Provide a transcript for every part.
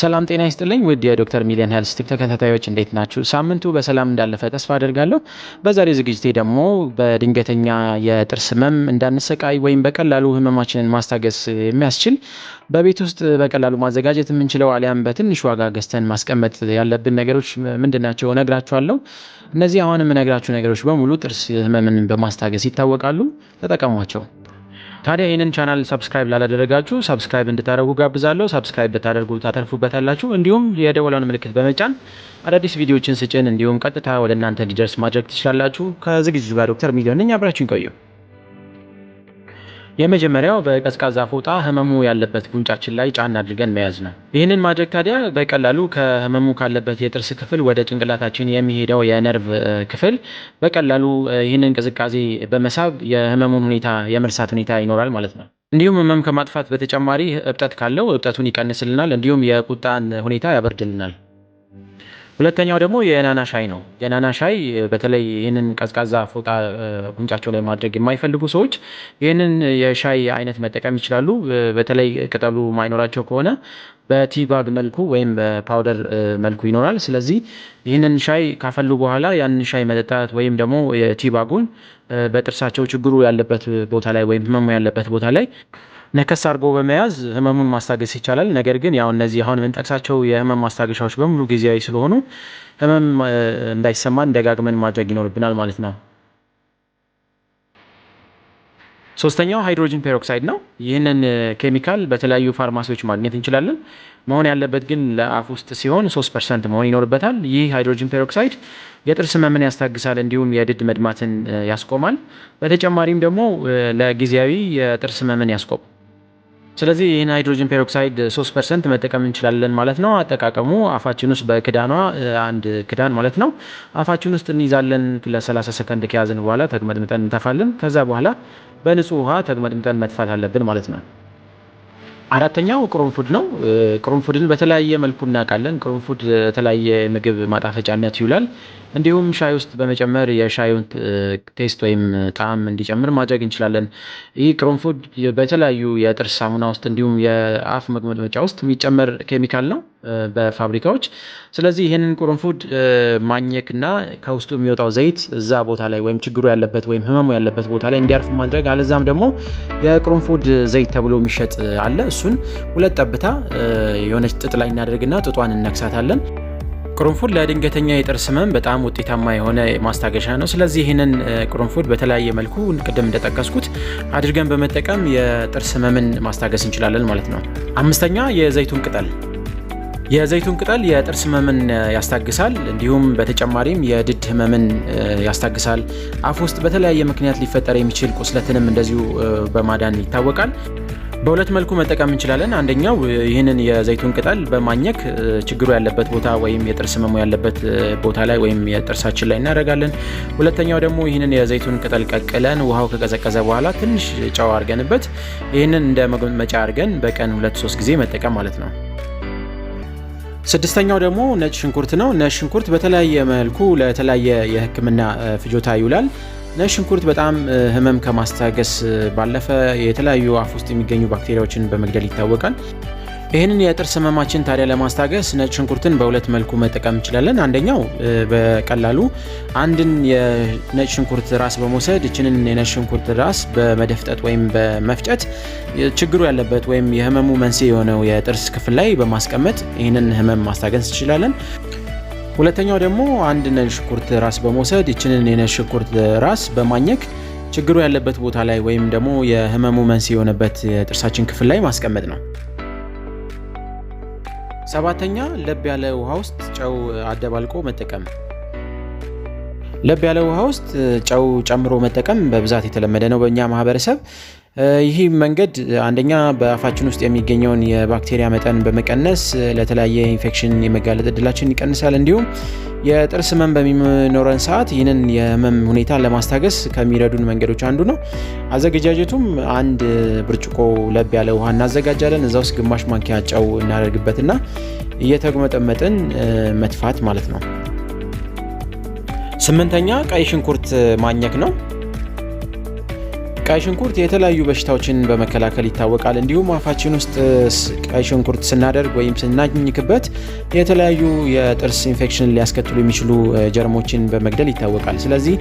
ሰላም ጤና ይስጥልኝ ውድ የዶክተር ሚሊዮን ሄልስ ተከታታዮች እንዴት ናችሁ? ሳምንቱ በሰላም እንዳለፈ ተስፋ አደርጋለሁ። በዛሬ ዝግጅቴ ደግሞ በድንገተኛ የጥርስ ህመም እንዳንሰቃይ ወይም በቀላሉ ህመማችንን ማስታገስ የሚያስችል በቤት ውስጥ በቀላሉ ማዘጋጀት የምንችለው አሊያም በትንሽ ዋጋ ገዝተን ማስቀመጥ ያለብን ነገሮች ምንድናቸው እነግራችኋለሁ። እነዚህ አሁን የምነግራችሁ ነገሮች በሙሉ ጥርስ ህመምን በማስታገስ ይታወቃሉ። ተጠቀሟቸው። ታዲያ ይህንን ቻናል ሰብስክራይብ ላላደረጋችሁ ሰብስክራይብ እንድታደርጉ ጋብዛለሁ። ሰብስክራይብ ብታደርጉ ታተርፉበታላችሁ። እንዲሁም የደወለውን ምልክት በመጫን አዳዲስ ቪዲዮዎችን ስጭን እንዲሁም ቀጥታ ወደ እናንተ እንዲደርስ ማድረግ ትችላላችሁ። ከዝግጅቱ ጋር ዶክተር ሚሊዮን ነኝ። አብራችሁን ይቆዩ። የመጀመሪያው በቀዝቃዛ ፎጣ ህመሙ ያለበት ጉንጫችን ላይ ጫን አድርገን መያዝ ነው። ይህንን ማድረግ ታዲያ በቀላሉ ከህመሙ ካለበት የጥርስ ክፍል ወደ ጭንቅላታችን የሚሄደው የነርቭ ክፍል በቀላሉ ይህንን ቅዝቃዜ በመሳብ የህመሙን ሁኔታ የመርሳት ሁኔታ ይኖራል ማለት ነው። እንዲሁም ህመም ከማጥፋት በተጨማሪ እብጠት ካለው እብጠቱን ይቀንስልናል። እንዲሁም የቁጣን ሁኔታ ያበርድልናል። ሁለተኛው ደግሞ የናና ሻይ ነው። የናና ሻይ በተለይ ይህንን ቀዝቃዛ ፎጣ ቁንጫቸው ላይ ማድረግ የማይፈልጉ ሰዎች ይህንን የሻይ አይነት መጠቀም ይችላሉ። በተለይ ቅጠሉ ማይኖራቸው ከሆነ በቲባግ መልኩ ወይም በፓውደር መልኩ ይኖራል። ስለዚህ ይህንን ሻይ ካፈሉ በኋላ ያንን ሻይ መጠጣት ወይም ደግሞ የቲባጉን በጥርሳቸው ችግሩ ያለበት ቦታ ላይ ወይም ህመሙ ያለበት ቦታ ላይ ነከስ አድርጎ በመያዝ ህመሙን ማስታገስ ይቻላል። ነገር ግን ያው እነዚህ አሁን የምንጠቅሳቸው የህመም ማስታገሻዎች በሙሉ ጊዜያዊ ስለሆኑ ህመም እንዳይሰማን ደጋግመን ማድረግ ይኖርብናል ማለት ነው። ሶስተኛው ሃይድሮጅን ፔሮክሳይድ ነው። ይህንን ኬሚካል በተለያዩ ፋርማሲዎች ማግኘት እንችላለን። መሆን ያለበት ግን ለአፍ ውስጥ ሲሆን ሶስት ፐርሰንት መሆን ይኖርበታል። ይህ ሃይድሮጂን ፔሮክሳይድ የጥርስ ህመምን ያስታግሳል፣ እንዲሁም የድድ መድማትን ያስቆማል። በተጨማሪም ደግሞ ለጊዜያዊ የጥርስ ህመምን ያስቆማል። ስለዚህ ይህን ሃይድሮጂን ፔሮክሳይድ 3 ፐርሰንት መጠቀም እንችላለን ማለት ነው። አጠቃቀሙ አፋችን ውስጥ በክዳኗ አንድ ክዳን ማለት ነው አፋችን ውስጥ እንይዛለን። ለ30 ሰከንድ ከያዝን በኋላ ተግመድምጠን እንተፋለን። ከዛ በኋላ በንጹህ ውሃ ተግመድምጠን መጥፋት አለብን ማለት ነው። አራተኛው ቅርንፉድ ነው። ቅርንፉድን በተለያየ መልኩ እናውቃለን። ቅርንፉድ የተለያየ ምግብ ማጣፈጫነት ይውላል። እንዲሁም ሻይ ውስጥ በመጨመር የሻዩን ቴስት ወይም ጣዕም እንዲጨምር ማድረግ እንችላለን። ይህ ቅርንፉድ በተለያዩ የጥርስ ሳሙና ውስጥ እንዲሁም የአፍ መግመጥመጫ ውስጥ የሚጨመር ኬሚካል ነው በፋብሪካዎች ስለዚህ ይህንን ቅርንፉድ ማኘክ እና ከውስጡ የሚወጣው ዘይት እዛ ቦታ ላይ ወይም ችግሩ ያለበት ወይም ህመሙ ያለበት ቦታ ላይ እንዲያርፍ ማድረግ፣ አለዛም ደግሞ የቅርንፉድ ዘይት ተብሎ የሚሸጥ አለ። እሱን ሁለት ጠብታ የሆነች ጥጥ ላይ እናደርግና ጥጧን እነክሳታለን። ቅርንፉድ ለድንገተኛ የጥርስ ህመም በጣም ውጤታማ የሆነ ማስታገሻ ነው። ስለዚህ ይህንን ቅርንፉድ በተለያየ መልኩ ቅድም እንደጠቀስኩት አድርገን በመጠቀም የጥርስ ህመምን ማስታገስ እንችላለን ማለት ነው። አምስተኛ የዘይቱን ቅጠል የዘይቱን ቅጠል የጥርስ ህመምን ያስታግሳል። እንዲሁም በተጨማሪም የድድ ህመምን ያስታግሳል። አፍ ውስጥ በተለያየ ምክንያት ሊፈጠር የሚችል ቁስለትንም እንደዚሁ በማዳን ይታወቃል። በሁለት መልኩ መጠቀም እንችላለን። አንደኛው ይህንን የዘይቱን ቅጠል በማኘክ ችግሩ ያለበት ቦታ ወይም የጥርስ ህመሙ ያለበት ቦታ ላይ ወይም የጥርሳችን ላይ እናደርጋለን። ሁለተኛው ደግሞ ይህንን የዘይቱን ቅጠል ቀቅለን ውሃው ከቀዘቀዘ በኋላ ትንሽ ጨው አድርገንበት ይህንን እንደ መጫ አድርገን በቀን ሁለት ሶስት ጊዜ መጠቀም ማለት ነው። ስድስተኛው ደግሞ ነጭ ሽንኩርት ነው። ነጭ ሽንኩርት በተለያየ መልኩ ለተለያየ የህክምና ፍጆታ ይውላል። ነጭ ሽንኩርት በጣም ህመም ከማስታገስ ባለፈ የተለያዩ አፍ ውስጥ የሚገኙ ባክቴሪያዎችን በመግደል ይታወቃል። ይህንን የጥርስ ህመማችን ታዲያ ለማስታገስ ነጭ ሽንኩርትን በሁለት መልኩ መጠቀም እንችላለን። አንደኛው በቀላሉ አንድን የነጭ ሽንኩርት ራስ በመውሰድ እችንን የነጭ ሽንኩርት ራስ በመደፍጠት ወይም በመፍጨት ችግሩ ያለበት ወይም የህመሙ መንስኤ የሆነው የጥርስ ክፍል ላይ በማስቀመጥ ይህንን ህመም ማስታገስ እንችላለን። ሁለተኛው ደግሞ አንድ ነጭ ሽንኩርት ራስ በመውሰድ እችንን የነጭ ሽንኩርት ራስ በማኘክ ችግሩ ያለበት ቦታ ላይ ወይም ደግሞ የህመሙ መንስኤ የሆነበት የጥርሳችን ክፍል ላይ ማስቀመጥ ነው። ሰባተኛ ለብ ያለ ውሃ ውስጥ ጨው አደባልቆ መጠቀም። ለብ ያለ ውሃ ውስጥ ጨው ጨምሮ መጠቀም በብዛት የተለመደ ነው በእኛ ማህበረሰብ። ይህ መንገድ አንደኛ በአፋችን ውስጥ የሚገኘውን የባክቴሪያ መጠን በመቀነስ ለተለያየ ኢንፌክሽን የመጋለጥ እድላችን ይቀንሳል። እንዲሁም የጥርስ ህመም በሚኖረን ሰዓት ይህንን የህመም ሁኔታ ለማስታገስ ከሚረዱን መንገዶች አንዱ ነው። አዘገጃጀቱም አንድ ብርጭቆ ለብ ያለ ውሃ እናዘጋጃለን። እዛ ውስጥ ግማሽ ማንኪያ ጨው እናደርግበትና እየተጉመጠመጥን መትፋት ማለት ነው። ስምንተኛ ቀይ ሽንኩርት ማኘክ ነው። ቀይ ሽንኩርት የተለያዩ በሽታዎችን በመከላከል ይታወቃል። እንዲሁም አፋችን ውስጥ ቀይ ሽንኩርት ስናደርግ ወይም ስናኝክበት የተለያዩ የጥርስ ኢንፌክሽን ሊያስከትሉ የሚችሉ ጀርሞችን በመግደል ይታወቃል። ስለዚህ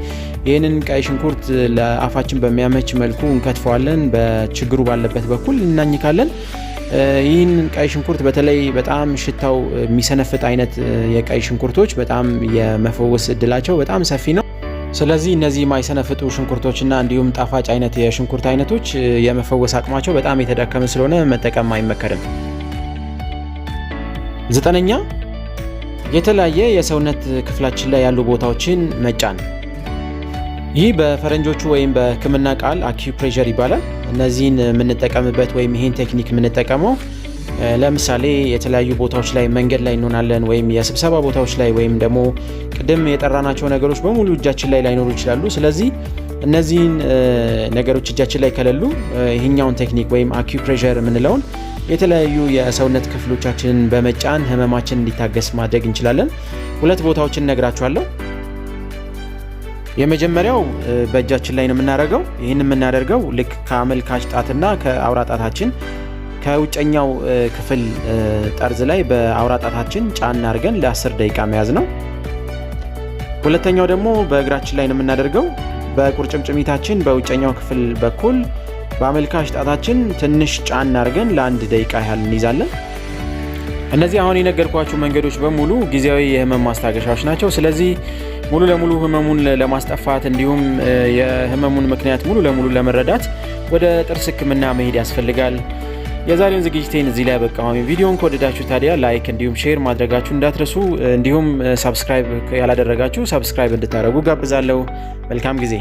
ይህንን ቀይ ሽንኩርት ለአፋችን በሚያመች መልኩ እንከትፈዋለን። በችግሩ ባለበት በኩል እናኝካለን። ይህን ቀይ ሽንኩርት በተለይ በጣም ሽታው የሚሰነፍጥ አይነት የቀይ ሽንኩርቶች በጣም የመፈወስ እድላቸው በጣም ሰፊ ነው። ስለዚህ እነዚህ የማይሰነፍጡ ሽንኩርቶችና እንዲሁም ጣፋጭ አይነት የሽንኩርት አይነቶች የመፈወስ አቅማቸው በጣም የተዳከመ ስለሆነ መጠቀም አይመከርም። ዘጠነኛ የተለያየ የሰውነት ክፍላችን ላይ ያሉ ቦታዎችን መጫን። ይህ በፈረንጆቹ ወይም በሕክምና ቃል አኪፕሬዠር ይባላል። እነዚህን የምንጠቀምበት ወይም ይህን ቴክኒክ የምንጠቀመው ለምሳሌ የተለያዩ ቦታዎች ላይ መንገድ ላይ እንሆናለን፣ ወይም የስብሰባ ቦታዎች ላይ ወይም ደግሞ ቅድም የጠራናቸው ነገሮች በሙሉ እጃችን ላይ ላይኖሩ ይችላሉ። ስለዚህ እነዚህን ነገሮች እጃችን ላይ ከሌሉ ይህኛውን ቴክኒክ ወይም አኪፕሬሸር የምንለውን የተለያዩ የሰውነት ክፍሎቻችንን በመጫን ህመማችን እንዲታገስ ማድረግ እንችላለን። ሁለት ቦታዎችን እነግራችኋለሁ። የመጀመሪያው በእጃችን ላይ ነው የምናደርገው። ይህን የምናደርገው ልክ ከአመልካች ጣትና ከአውራ ጣታችን ከውጨኛው ክፍል ጠርዝ ላይ በአውራ ጣታችን ጫና አድርገን ለ10 ደቂቃ መያዝ ነው። ሁለተኛው ደግሞ በእግራችን ላይ ነው የምናደርገው። በቁርጭምጭሚታችን በውጨኛው ክፍል በኩል በአመልካች ጣታችን ትንሽ ጫና አድርገን ለአንድ ደቂቃ ያህል እንይዛለን። እነዚህ አሁን የነገርኳችሁ መንገዶች በሙሉ ጊዜያዊ የህመም ማስታገሻዎች ናቸው። ስለዚህ ሙሉ ለሙሉ ህመሙን ለማስጠፋት እንዲሁም የህመሙን ምክንያት ሙሉ ለሙሉ ለመረዳት ወደ ጥርስ ህክምና መሄድ ያስፈልጋል። የዛሬውን ዝግጅቴን እዚህ ላይ በቃማሚ ቪዲዮን ከወደዳችሁ ታዲያ ላይክ እንዲሁም ሼር ማድረጋችሁ እንዳትረሱ፣ እንዲሁም ሳብስክራይብ ያላደረጋችሁ ሳብስክራይብ እንድታደረጉ ጋብዛለሁ። መልካም ጊዜ